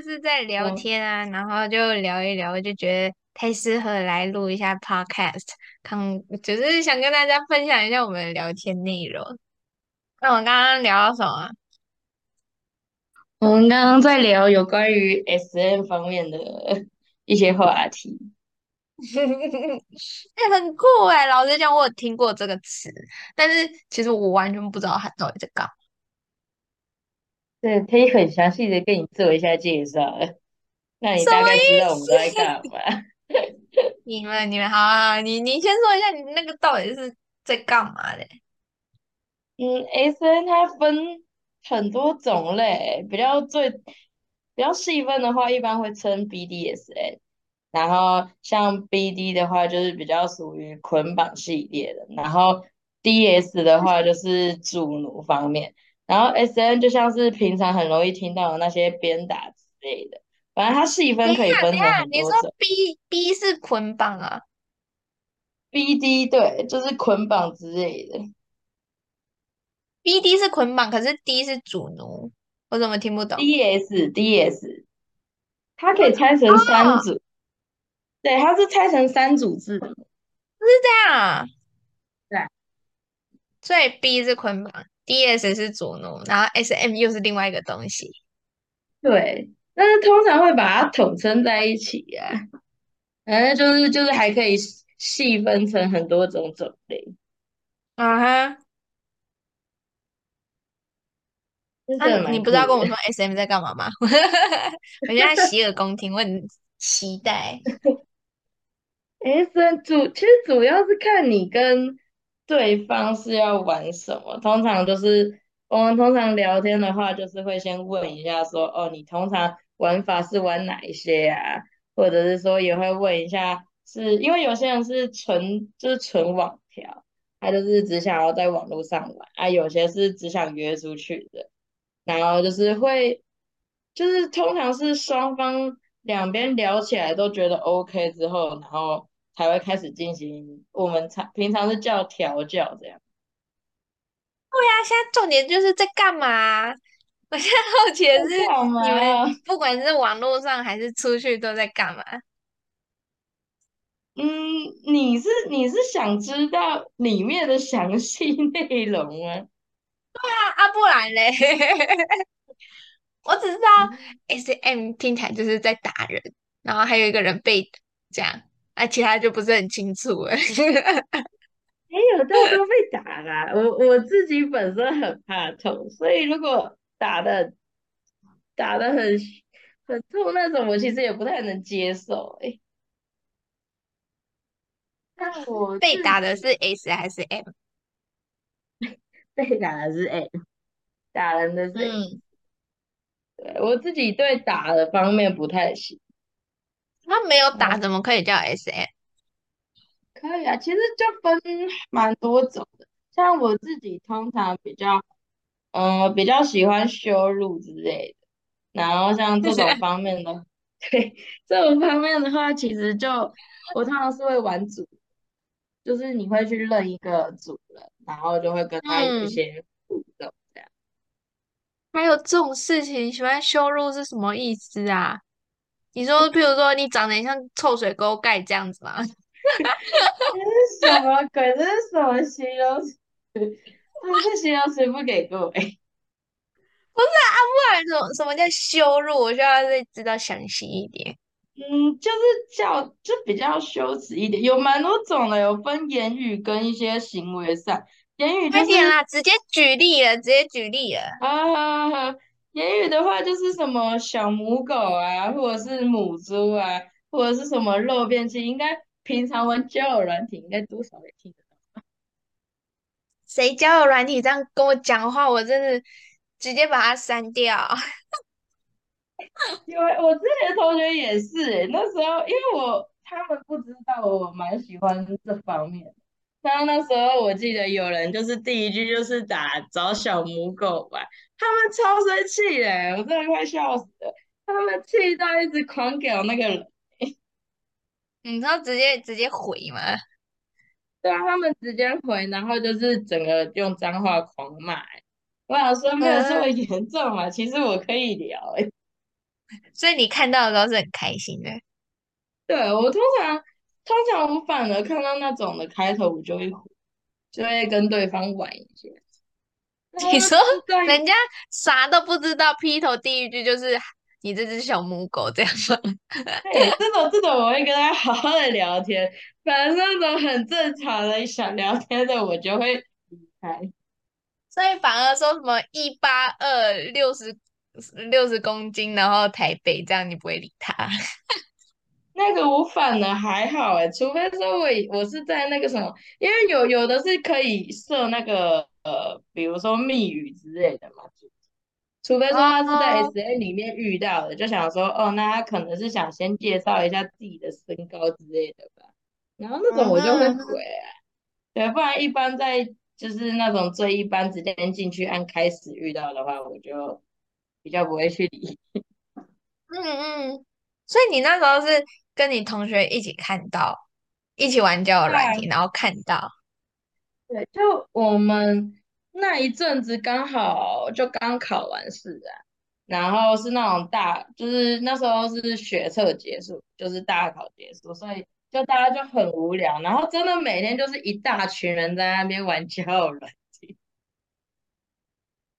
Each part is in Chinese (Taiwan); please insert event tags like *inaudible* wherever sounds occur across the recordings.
就是在聊天啊、嗯，然後就聊一聊，就覺得太適合來錄一下 podcast，看，就是想跟大家分享一下我們聊天內容。那我們剛剛聊到什麼？我們剛剛在聊有關於 SM 方面的一些話題。哎、 *laughs* 欸，很酷哎！老實講，我有聽過這個詞，但是其實我完全不知道它到底在、這、搞、個。對可以很詳細的跟你做一下介紹，那你大概知道我們在幹嘛。 *laughs* 你們你們好啊，你你先說一下你那個到底是在幹嘛的？嗯，S M 它分很多種類，比較最比較細分的話，一般會稱 B D S M。然後像 B D 的話，就是比較屬於捆綁系列的，然後 D S 的話就是主奴方面。然後 S M 就像是平常很容易聽到的那些鞭打之類的，反正它細分可以分成很多種。你說 B B 是捆綁啊？B D 對，就是捆綁之類的。B D 是捆綁，可是 D 是主奴，我怎麼聽不懂？D S D S，它可以拆成三組，哦，對，它是拆成三組字的，是這樣啊？對，所以 B 是捆綁。D S 是佐諾，然後 S M 又是另外一個東西，對，但是通常會把它統稱在一起耶、啊。嗯、反正就是就是還可以細分成很多種種類。Uh -huh、啊哈，你不知道跟我說 S M 在幹嘛嗎？ *laughs* 我現在洗耳恭聽，我很期待。 *laughs* S M 主其實主要是看你跟對方是要玩什麼？通常就是我們、哦、通常聊天的話，就是會先問一下說，說哦，你通常玩法是玩哪一些啊？或者是說也會問一下是，是因為有些人是純就是純網聊，他就是只想要在網絡上玩啊；有些人是只想約出去的，然後就是會就是通常是雙方兩邊聊起來都覺得 OK 之後，然後。才會開始進行我們常平常是叫調教這樣。對呀、啊，現在重點就是在幹嘛？我現在好奇是你們不管是網絡上還是出去都在幹嘛？嗯，你是你是想知道裡面的詳細內容嗎？對啊，啊不然嘞，我只知道 S M 聽起來就是在打人，然後還有一個人被這樣。哎、啊，其他就不是很清楚哎。 *laughs* 沒有，都都被打了，我我自己本身很怕痛，所以如果打的打的很很痛那種，我其實也不太能接受哎。那我被打的是 S 還是 M？被打的是 M，打人的，的是、S。嗯，對，我自己對打的方面不太行。他沒有打、嗯，怎麼可以叫 SM？可以啊，其實就分蠻多種的。像我自己通常比較，嗯、呃，比較喜歡羞辱之類的。然後像這種方面的，啊、對，這種方面的話，其實就我通常是會玩主，就是你會去認一個主人，然後就會跟他有一些互動這樣、嗯。還有這種事情，喜歡羞辱是什麼意思啊？你說，比如說你長得像臭水溝蓋這樣子嗎？這是什麼鬼？這是什麼形容詞？這是形容詞不給夠哎！不是啊，不然什麼什麼叫羞辱？我需要再知道詳細一點。嗯，就是叫就比較羞恥一點，有蠻多種的，有分言語跟一些行為上。言語就是、快點啦，直接舉例了，直接舉例了。啊啊啊！言語的話就是什麼小母狗啊，或者是母豬啊，或者是什麼肉便器，應該平常玩交友軟體，應該多少也聽得到。誰交友軟體這樣跟我講話，我真的直接把它刪掉。 *laughs* 因為我之前的同學也是，那時候因為我他們不知道我蠻喜歡這方面，然後那時候我記得有人就是第一句就是打找小母狗吧。他們超生氣的，欸，我真的快笑死了。他們氣到一直狂搞那個人，你知道直接直接回嗎？對啊，他們直接回，然後就是整個用髒話狂罵，欸。我想說沒有這麼嚴重嘛，啊，嗯，其實我可以聊，欸。所以你看到的都是很開心的。對，我通常通常我反而看到那種的開頭，我就會就會跟對方玩一些。你說人家啥都不知道，劈頭第一句就是“你這隻小母狗”這樣嗎？哎、這種這種我會跟他好好的聊天，反正那種很正常的想聊天的我就會離開。所以反而說什麼一八二六十六十公斤，然後台北這樣，你不會理他。那個我反而還好哎、欸，除非說我我是在那個什麼，因為有有的是可以設那個。呃，比如說密語之類的嘛，除非說他是在 S A 裡面遇到的，uh -huh. 就想說，哦，那他可能是想先介紹一下自己的身高之類的吧。然後那種我就會回、啊，uh -huh. 對，不然一般在就是那種最一般直接進去按開始遇到的話，我就比較不會去理。嗯嗯，所以你那時候是跟你同學一起看到，一起玩交友軟體，然後看到。對，就我們那一陣子剛好就剛考完試啊，然後是那種大，就是那時候是學測結束，就是大考結束，所以就大家就很無聊，然後真的每天就是一大群人在那邊玩交友軟件，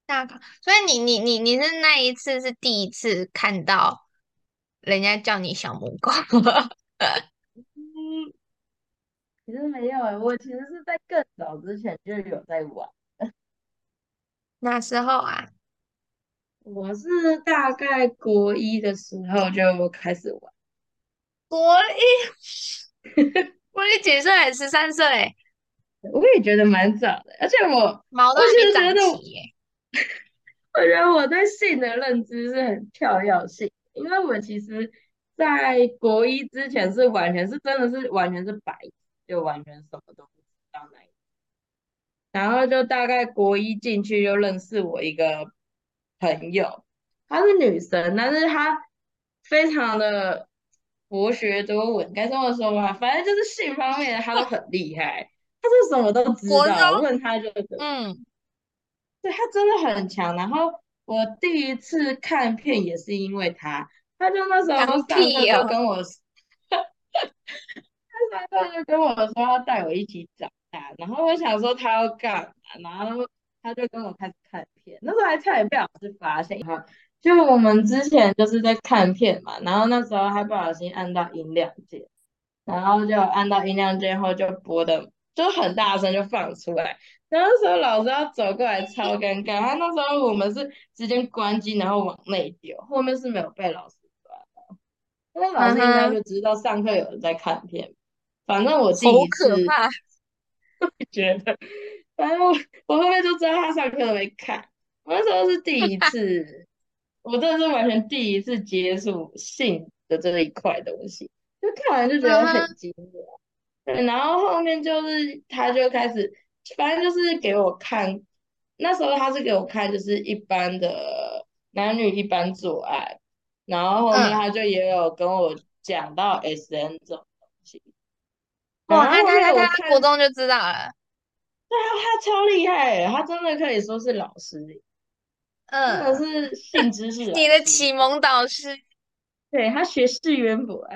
大考。所以你你你你是那一次是第一次看到人家叫你小母狗。 *laughs* 其實沒有、欸、我其實是在更早之前就有在玩。那時候啊，我是大概國一的時候就開始玩。國一， *laughs* 我一幾歲、欸？十三歲。我也覺得蠻早的，而且我，毛都是、欸、覺得我，我覺得我對性的認知是很跳躍性的，因為我其實，在國一之前是完全是真的是完全是白。就完全什麼都不知道、那個， *noise* 然後就大概國一進去就認識我一個朋友，她是女生，但是她非常的博學多聞。該這麼說吧，反正就是性方面她都很厲害，她 *laughs* 是什麼都知道，我問她就嗯，對她真的很強。然後我第一次看片也是因為她，她就那時候剛好要跟我。 *laughs* 然後他就跟我們說，要帶我一起長大，然後我想說他要幹嘛，然後他就跟我開始看片。那時候還差點被老師發現，就我們之前就是在看片嘛，然後那時候他不小心按到音量鍵，然後就按到音量鍵，後就播的就很大聲就放出來。那時候老師要走過來超尷尬，他那時候我們是直接關機然後往內丟，後面是沒有被老師抓到。因為老師應該就知道上課有人在看片。嗯反正我第一次，就覺得，反正我我後面就知道他上課都沒看，我那時候是第一次， *laughs* 我真的是完全第一次接觸性的這一塊東西，就看完就覺得很驚訝， *laughs* 對，然後後面就是他就開始，反正就是給我看，那時候他是給我看就是一般的男女一般做愛，然後後面他就也有跟我講到 SM 種。嗯哦，他其實我國中就知道了，對啊，他超厲害，他真的可以說是老師，嗯，可是性知識，你的啟蒙導師，對，他學識淵博，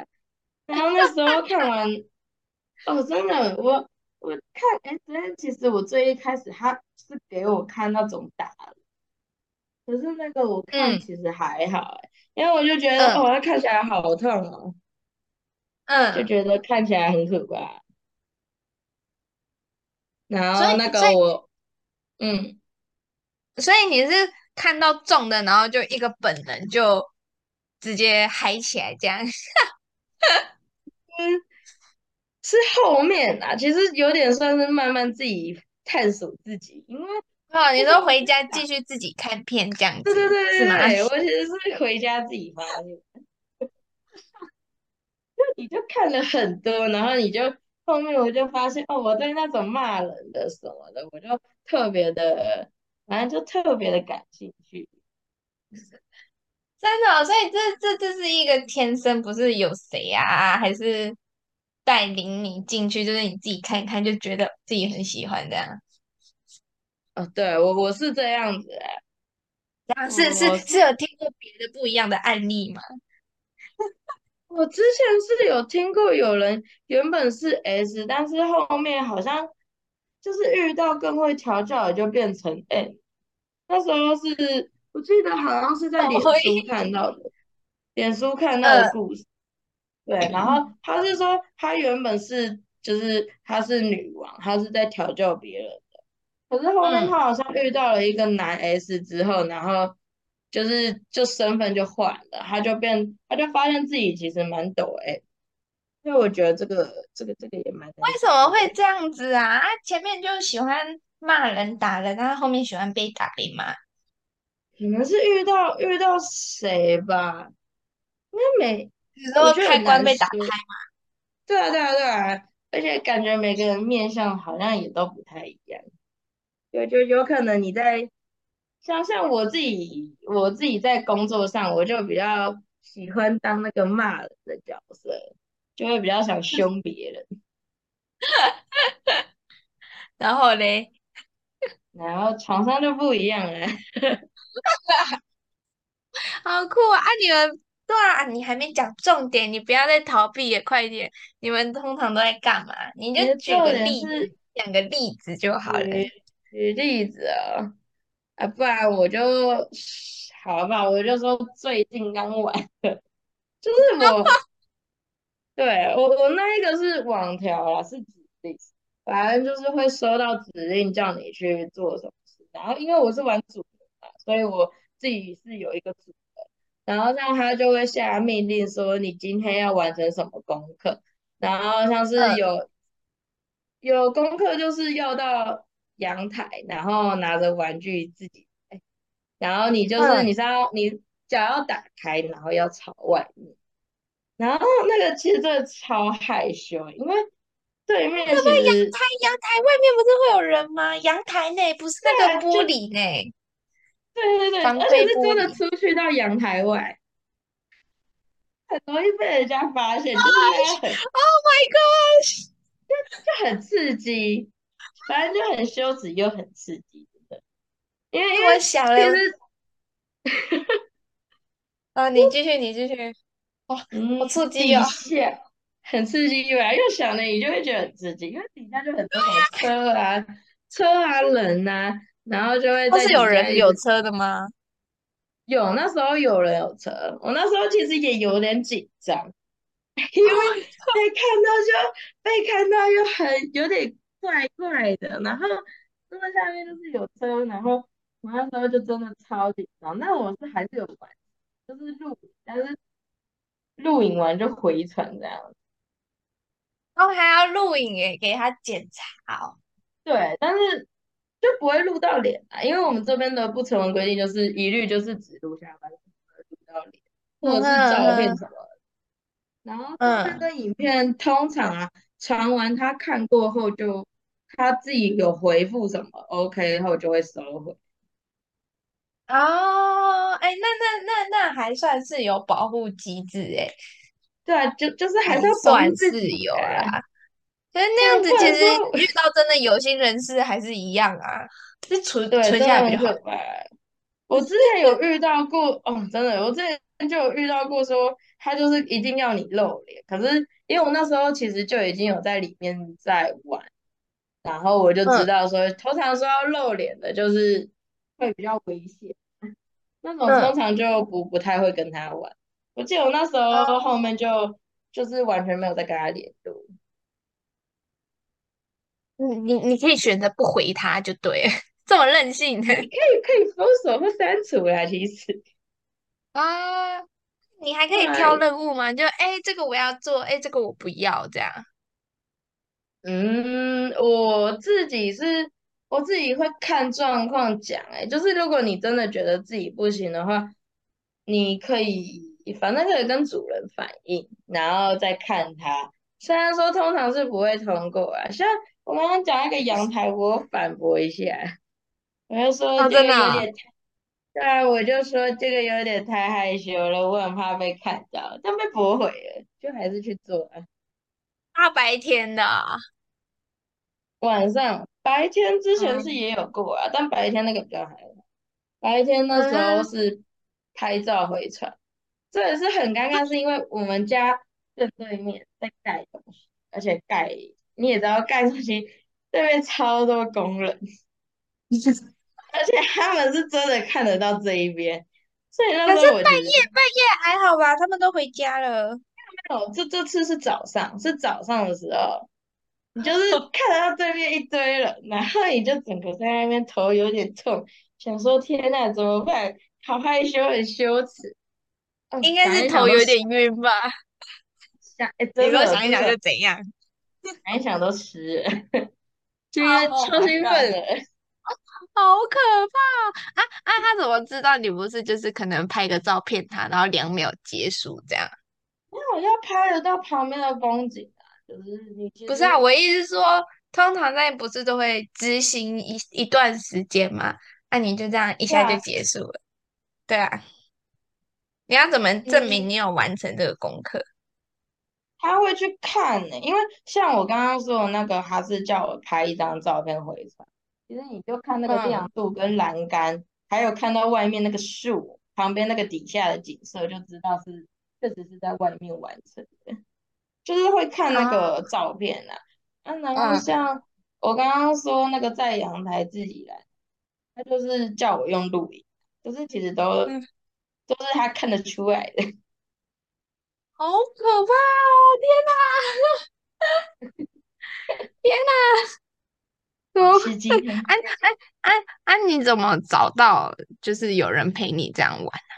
然後那時候看完， *laughs* 哦，真的我我看哎，昨天其實我最一開始他是給我看那種打的。可是那個我看其實還好，因、嗯、為我就覺得、嗯、哦，他看起來好痛哦。嗯，就覺得看起來很可怕。然後那個我，嗯，所以你是看到重的，然後就一個本能就直接嗨起來這樣， *laughs* 嗯，是後面啊，其實有點算是慢慢自己探索自己，因為啊，你說回家繼續自己看片這樣子，對對對對、欸，我其實是回家自己發現，那你， *laughs* 你就看了很多，然後你就。後面我就發現哦，我對那種罵人的什麼的，我就特別的，反、啊、正就特別的感興趣，真的、哦。所以這這這是一個天生，不是有誰啊，還是帶領你進去，就是你自己看一看，就覺得自己很喜歡這樣。哦，對，我我是這樣子、嗯嗯、是是是有聽過別的不一樣的案例嗎？我之前是有聽過有人原本是 S，但是後面好像就是遇到更會調教，也就變成 M。那時候是，我記得好像是在臉書看到的，臉書看到的故事、嗯。對，然後他是說他原本是，就是他是女王，他是在調教別人的，可是後面他好像遇到了一個男 S 之後，嗯、然後。就是就身份就換了，他就變，他就發現自己其實蠻抖哎。因為我覺得這個這個這個也蠻抖……為什麼會這樣子啊？他前面就喜歡罵人打人，然後後面喜歡被打被罵。可能是遇到遇到誰吧？因為每有時候開關被打開嘛。對啊對啊對啊！而且感覺每個人面相好像也都不太一樣。就就有可能你在。像像我自己，我自己在工作上，我就比較喜歡當那個罵人的角色，就會比較想凶別人。 *laughs* 然後咧？然後床上就不一樣了。 *laughs* 好酷啊！啊你們對啊，你還沒講重點，你不要再逃避了，快點！你們通常都在幹嘛？你就舉個例子，講個例子就好了。舉例子哦、啊。啊，不然我就好吧，我就說最近剛玩的，就是我， *laughs* 對我我那一個是網調啊，是指令，反正就是會收到指令叫你去做什麼事。然後因為我是玩主人嘛，所以我自己是有一個主人，然後讓他就會下命令說你今天要完成什麼功課，然後像是有，嗯、有功課就是要到。陽台，然後拿着玩具自己，然後你就是你，知道、嗯、你腳要打開，然後要朝外面，然後那個其實真的超害羞，因為對面其實陽台陽台外面不是會有人嗎？陽台內不是那個玻璃內，對對對，房而且是真的出去到陽台外，很容易被人家發現就是、oh，就是 Oh my god 就就很刺激。反正就很羞恥又很刺激，真的，因為因為想了，小 *laughs* 啊，你繼續，你繼續，哇、哦嗯，很刺激哦、啊，很刺激因為又想了，你就會覺得很刺激，因為底下就很多車啊、啊、車啊、啊人吶、啊，然後就會、哦，那是有人有車的嗎？有，那時候有人有車，我那時候其實也有點緊張，因為看、哦、被看到，就被看到，又很有點。怪怪的，然後那個下面就是有燈，然後我那時候就真的超緊張。那我是還是有拍，就是錄，但是錄影完就回傳這樣然後、哦、還要錄影耶，給他檢查哦。對，但是就不會錄到臉啊，因為我們這邊的不成文規定就是一律就是只錄下半身，不錄到臉、嗯，或者是照片什麼。嗯、然後這個影片、嗯、通常啊，傳完他看過後就。他自己有回復什麼，OK，然後我就會收回。哦，哎，那那那那還算是有保護機製哎。對啊，就就是還是要自己，算是有啊。可是那樣子其實遇到真的有心人士還是一樣啊，是存對對存下來比較好。我之前有遇到過 *laughs* 哦，真的，我之前就有遇到過，說他就是一定要你露臉，可是因為我那時候其實就已經有在裡面在玩。然後我就知道說，說、嗯、通常說要露臉的，就是會比較危險，那種通常就不、嗯、不太會跟他玩。我記得我那時候後面就、哦、就是完全沒有再跟他聯絡。你你你可以選擇不回他就對，這麼任性，你可以可以封鎖或刪除啊，其實。啊、哦，你還可以挑任務嗎？就哎，這個我要做，哎，這個我不要這樣。嗯，我自己是，我自己會看狀況講、欸，哎，就是如果你真的覺得自己不行的話，你可以，反正可以跟主人反映，然後再看他。雖然說通常是不會通過啊，像我剛剛講那個陽台，我反駁一下，我就說這個有點太，對、哦、啊、哦，我就說這個有點太害羞了，我很怕被看到，但被駁回了，就還是去做啊，大白天的。晚上白天之前是也有過啊，嗯、但白天那個比較還好。白天那時候是拍照回傳，這、嗯、也是很尷尬，是因為我們家正對面在蓋東西，而且蓋你也知道蓋東西對面超多工人， *laughs* *laughs* 而且他們是真的看得到這一邊，所以他們，可是半夜半夜還好吧，他們都回家了。沒有這這次是早上，是早上的時候。 *laughs* 你就是看到對面一堆了，然後你就整個在那邊頭有點痛，想說天哪、啊、怎麼辦？好害羞，很羞恥、啊，應該是頭有點暈吧？想、欸，你不要想一想是怎樣，想、欸、 *laughs* 一想都濕，就 *laughs* *laughs* 超興奮了， *laughs* 好可怕、哦、啊啊！他怎麼知道你不是？就是可能拍個照片他、啊，然後兩秒結束這樣？沒有，要拍得到旁邊的風景。就是、不是啊，我意思是說，通常在不是都會執行一一段時間嘛？那、啊、你就這樣一下就結束了，yeah. 對啊。你要怎麼證明你有完成這個功課？他會去看、欸，因為像我剛剛說那個，他是叫我拍一張照片回傳。其實你就看那個亮度跟欄杆，嗯、還有看到外面那個樹旁邊那個底下的景色，就知道是確實是在外面完成的。就是會看那個照片啊，那、啊啊、然後像我剛剛說那個在陽台自己來、嗯，他就是叫我用錄影，就是其實都、嗯、都是他看得出來的，好可怕哦！天哪、啊， *laughs* 天哪、啊！什麼？哎哎哎，哎、啊啊，你怎麼找到就是有人陪你這樣玩呢？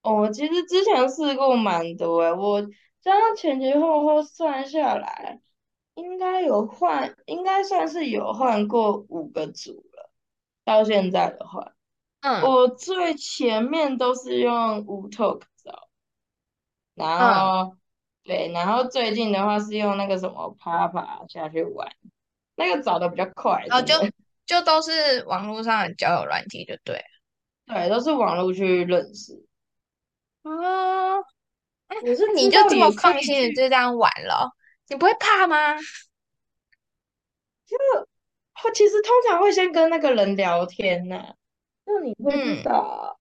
哦，其實之前試過蠻多哎，我。剛剛前前後後算下來，應該有換，應該算是有換過五個組了。到現在的話，嗯，我最前面都是用 Wootalk 找，然後、嗯、對，然後最近的話是用那個什麼 Papa 下去玩，那個找的比較快。哦，就就都是網絡上的交友軟件，就對、啊，對，都是網絡去認識。嗯我說你，啊、你就這麼放心的就這樣玩了、啊？你不會怕嗎？就我其實通常會先跟那個人聊天吶、啊。就你會知道、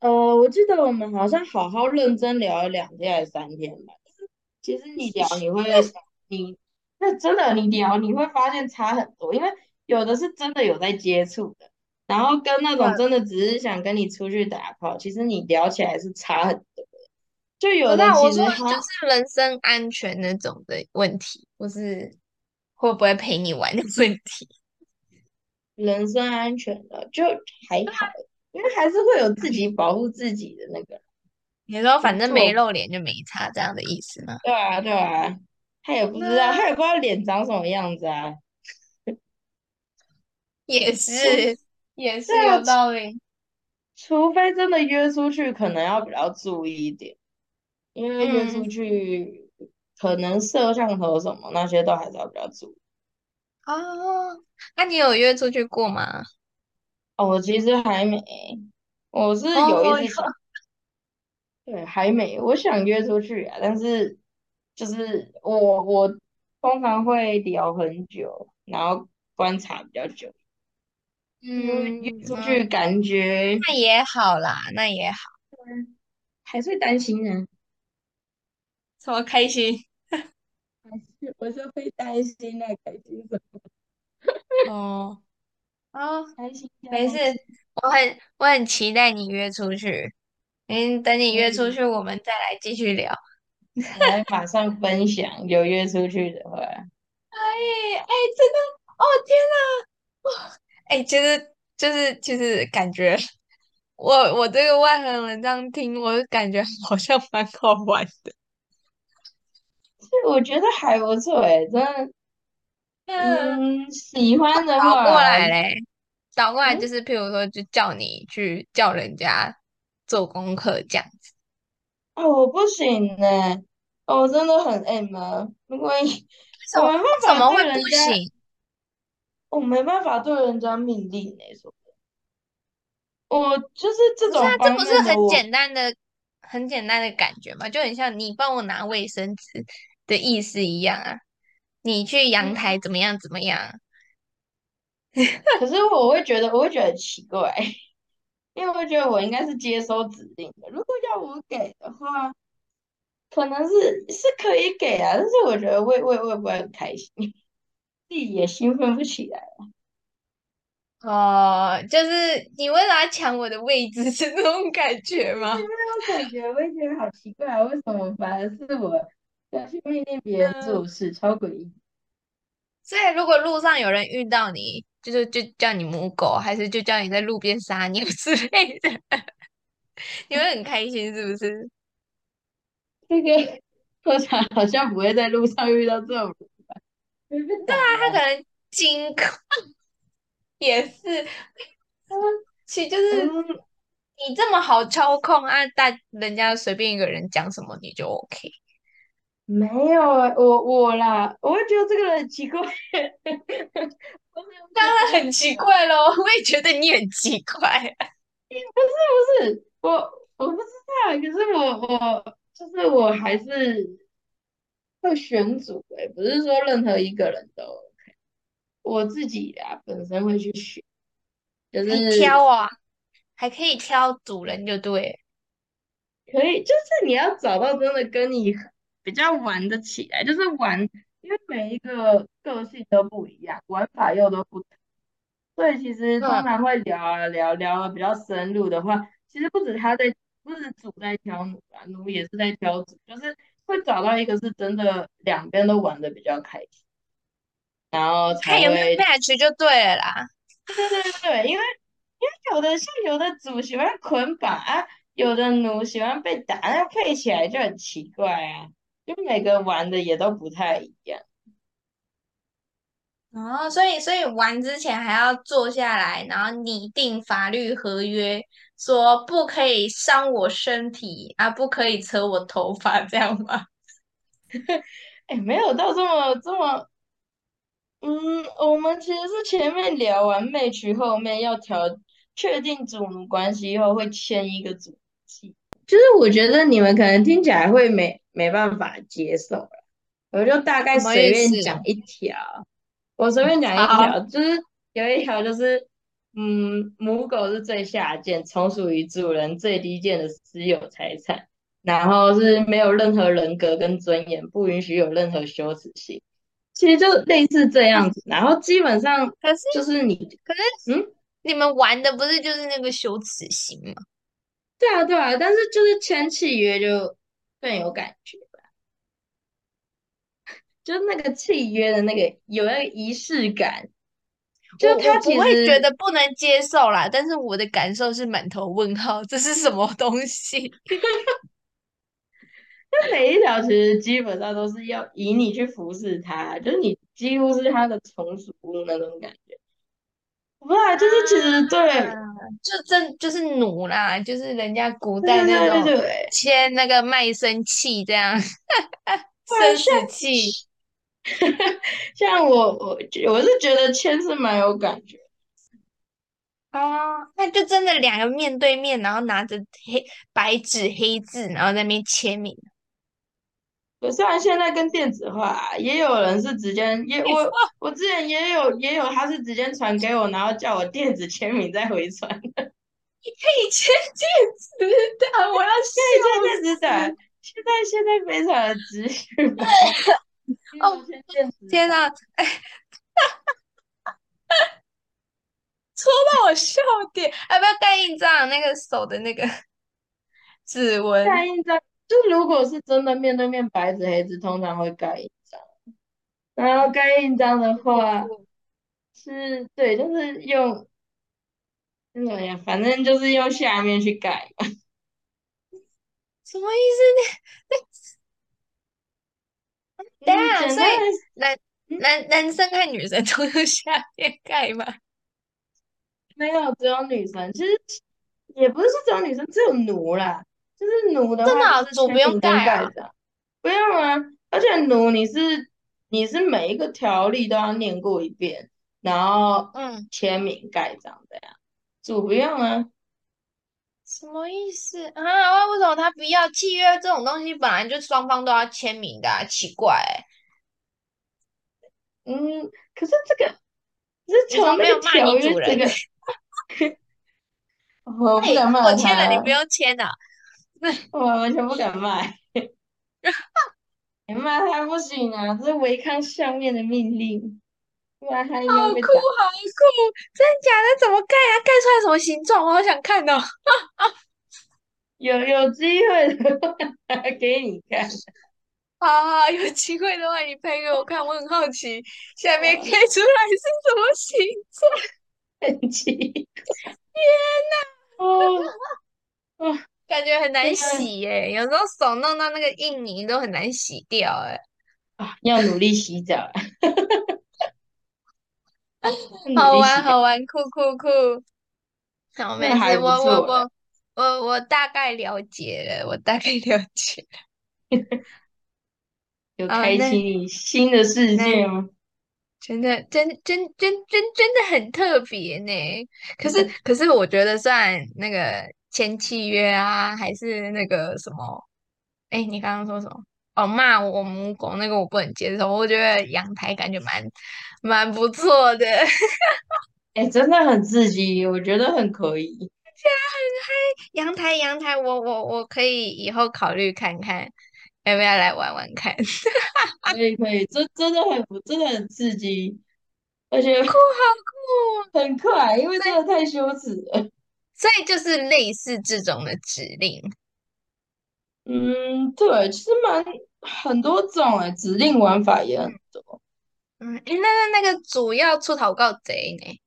嗯，呃，我記得我們好像好好認真聊了兩天、還是三天吧。 *laughs* 其實你聊，你會你 *laughs* 那真的你聊，你會發現差很多，因為有的是真的有在接觸的，然後跟那種真的只是想跟你出去打炮、嗯，其實你聊起來是差很多。就有的，其實、哦、我說就是人身安全那種的問題，或是會不會陪你玩的問題。人身安全的就還好，因為還是會有自己保護自己的那個。你說，反正沒露臉就沒差這樣的意思嗎？對啊，對啊，他也不知道，他也不知道臉長什麼樣子啊。 *laughs* 也是，也是有道理。除、除非真的約出去，可能要比較注意一點。因為約出去，嗯，可能攝像頭什麼那些都還是要比較注意。哦，那你有約出去過嗎？哦，我其實還沒，我是有一次。哦哦，對，還沒，我想約出去啊，但是就是我我通常會聊很久，然後觀察比較久，嗯，約出去感覺，嗯，那也好啦，那也好，還是擔心呢？啊。好、哦、開心？我是會擔心的，開心什麼？哦，啊、 *laughs* 哦，開心沒事，我很我很期待你約出去。嗯，等你約出去，嗯、我們再來繼續聊，來馬上分享。有 *laughs* 約出去的話，哎哎，真的哦，天哪！哇，哎，其實就是、就是、就是感覺，我我這個外行人這樣聽，我感覺好像蠻好玩的。我覺得還不錯哎，真的，嗯，喜歡的話過來嘞，倒過來就是，譬如說，就叫你去叫人家做功課這樣子。哦，我不行嘞，我真的很 M 啊，如果什麼辦法，怎麼會不行，我沒辦法對人家命令哎，說，我就是這種，這不是很簡單的，很簡單的感覺嘛？就很像你幫我拿衛生紙。的意思一樣啊，你去陽台怎麼樣？怎麼樣、嗯？可是我會覺得，我會覺得奇怪，因為我覺得我應該是接收指令的。如果要我給的話，可能是是可以給啊，但是我覺得會會會不會很開心，自己也興奮不起來、啊、哦，就是你為了搶我的位置是那種感覺嗎？那種感覺，我也覺得好奇怪啊，為什麼反而是我？去命令別人做事，嗯、超詭異。所以，如果路上有人遇到你，就是就叫你母狗，還是就叫你在路邊撒尿之類的， *laughs* 你會很開心是不是？這個好像好像不會在路上遇到這種人。 *laughs* 對啊，他可能金礦 *laughs* 也是。 *laughs* 其實，就是、嗯、你這麼好操控啊，但人家隨便一個人講什麼你就 OK。沒有，我我啦，我覺得這個人很奇怪， *laughs* 當然很奇怪咯，我也覺得你很奇怪， *laughs* 不是不是，我我不知道，可是我我就是我還是會選主欸，不是說任何一個人都 OK，我自己啊本身會去選，就是挑啊，還可以挑主人就對，可以就是你要找到真的跟你很。比較玩得起來，就是玩，因為每一個個性都不一樣，玩法又都不同，所以其實通常會聊、啊、聊、嗯、聊、啊、比較深入的話，其實不止他在，不止主在挑奴、啊，奴也是在挑主，就是會找到一個是真的兩邊都玩得比較開心，然後他、欸、有沒有 match 就對了啦，對對對對，因為因為有的像有的主喜歡捆綁啊，有的奴喜歡被打，那配起來就很奇怪啊。就每個玩的也都不太一樣，哦，所以所以玩之前還要坐下來，然後擬定法律合約，說不可以傷我身體啊，不可以扯我頭髮這樣嗎？哎，沒有到這麼這麼，嗯，我們其實是前面聊完妹局，後面要調確定主奴關係，以後會簽一個主。就是我覺得你們可能聽起來會沒沒辦法接受了，我就大概隨便講一條，我隨便講一條，就是有一條就是，嗯，母狗是最下賤，從屬於主人最低賤的私有財產，然後是沒有任何人格跟尊嚴，不允許有任何羞恥心，其實就類似這樣子，嗯、然後基本上，可是就是你，可是，可是嗯，你們玩的不是就是那個羞恥心嗎？對啊，對啊，但是就是簽契約就更有感覺吧，就那個契約的那個有那個儀式感，就他我不會覺得不能接受啦。但是我的感受是滿頭問號，這是什麼東西？那 *laughs* 每一條其實基本上都是要以你去服侍他，就是你幾乎是他的從屬那種感覺。 *noise* *noise* 不是、這是、就是其實對， *noise* 就真就是奴啦，就是人家古代那種簽 *noise* 那個賣身契這樣，賣身契。像我我我是覺得簽是蠻有感覺 *noise* 哦，那就真的兩個面對面，然後拿着黑白紙黑字，然後在那邊簽名。我雖然現在跟電子化，也有人是直接，也我我之前也有也有，他是直接傳給我，然後叫我電子簽名再回傳。你可以簽電子檔。啊，我要現在現在非常的資訊。 *laughs* *laughs* 哦，簽電子。天啊！哈哈哈哈哈！戳到我笑點。要 *laughs* 不要蓋印章，那個手的那個指紋。蓋印章。就如果是真的面對面白紙黑字，通常會蓋印章。然後蓋印章的話、嗯，是，對，就是用，怎麼反正就是用下面去蓋嘛。什麼意思呢？那、嗯，對啊，所以男、嗯、男男生和女生都用下面蓋嗎？沒有，只有女生。其實也不是說只有女生，只有奴啦。就是奴的話，簽、啊啊、名蓋章，不用啊。而且奴，你是你是每一個條例都要念過一遍，然後嗯，簽名蓋章的呀。主不用啊？什麼意思啊？為什麼他不要契約這種東西？本來就雙方都要簽名的、啊，奇怪、欸。嗯，可是這個，這從、個、來沒有罵你主人。 *laughs* 我不、欸、我簽了，你不用簽了、啊。我完全不敢賣，你賣還不行啊！這是違抗上面的命令，好酷好酷！真的假的？怎麼蓋啊？蓋出來什麼形狀？我好想看哦！ *laughs* 有有機會的，給你看。好好，有機會的話你拍給我看，我很好奇下面蓋出來是什麼形狀、哦。很奇怪，天哪、啊！哦哦感覺很難洗哎、欸，有時候手弄到那個印泥都很難洗掉哎、欸啊。要努力洗澡 *laughs* *laughs* 好玩好玩，酷酷 *laughs* 酷，酷酷，還我我我我我大概了解了，我大概了解了 *laughs* 有開啟你新的世界嗎？哦、真的真真真真真的很特別呢、欸。可是、嗯、可是我覺得算那個。簽契約啊，還是那個什麼？哎、欸，你剛剛說什麼？哦，罵我母狗那個，我不能接受。我覺得陽臺感覺蠻蠻不錯的，哎、 *laughs* 欸，真的很刺激，我覺得很可以，很嗨。陽臺，陽臺，我我我可以以後考慮看看，要不要來玩玩看？ *laughs* 可以，可以，真真的很真的很刺激，而且酷，好酷，很快，因為真的太羞恥了。所以就是類似這種的指令，嗯，對，其實蠻很多種哎、欸，指令玩法也很多，嗯，哎、欸，那個那個主要出逃告賊呢、欸？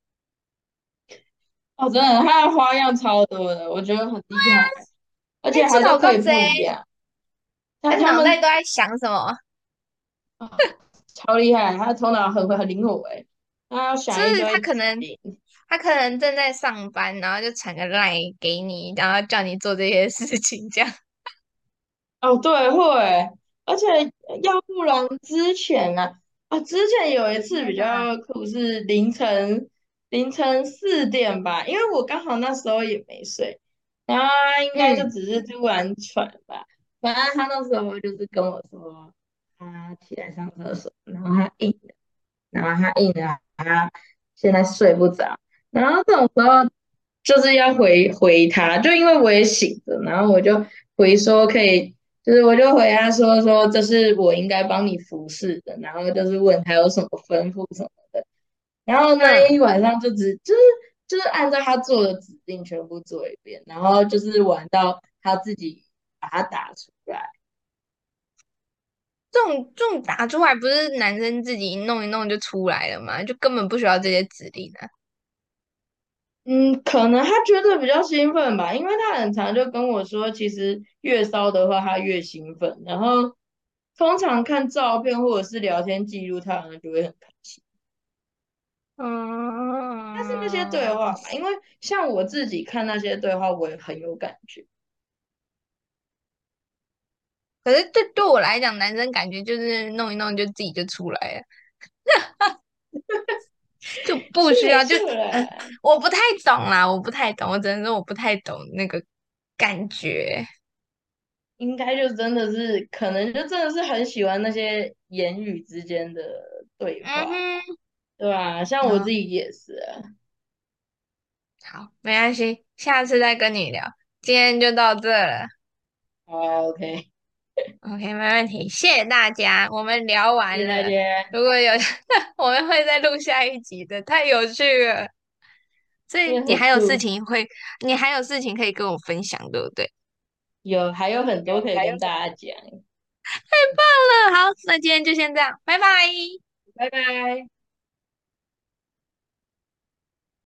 哦，真的，它的花樣超多的，我覺得很厲害、啊，而且還是不一樣、欸、出逃告賊啊，他腦袋都在想什麼？哦、超厲害， *laughs* 他的頭腦很很靈活哎、欸，他要想，就是他可能。他可能正在上班，然後就傳個賴給你，然後叫你做這些事情，這樣。哦，對，會，而且要不然之前啊啊、哦，之前有一次比較酷是凌晨凌晨四點吧，因為我剛好那時候也沒睡，然後他應該就只是突然喘吧，反、嗯、正他那時候就是跟我說他起來上廁所，然後他硬了，然後他硬了，然後他現在睡不着。然後這種時候就是要回回他，就因為我也醒著，然後我就回說可以，就是我就回他說說，這是我應該幫你服侍的，然後就是問他有什麼吩咐什麼的。然後那一晚上就只就是就是按照他做的指令全部做一遍，然後就是玩到他自己把它打出來。這種這種打出來不是男生自己一弄一弄就出來了嘛？就根本不需要這些指令的、啊。嗯，可能他覺得比較興奮吧，因為他很常就跟我說，其實越騷的話他越興奮，然後通常看照片或者是聊天記錄，他可能就會很開心。嗯、uh...，但是那些對話吧，因為像我自己看那些對話，我也很有感覺。可是對對我來講，男生感覺就是弄一弄就自己就出來了。 *laughs* 就不需要是就、呃，我不太懂啦，嗯、我不太懂，我只能說我不太懂那個感覺。應該就真的是，可能就真的是很喜歡那些言語之間的對話，嗯、對吧？像我自己也是。嗯、好，沒關係，下次再跟你聊。今天就到這了。好、啊，OK。OK，沒問題，謝謝大家，我們聊完了。謝謝大家。如果有， *laughs* 我們會再錄下一集的，太有趣了。所以你還有事情會，你還有事情可以跟我分享，對不對？有，還有很多可以跟大家講。太棒了，好，那今天就先這樣，拜拜，拜拜。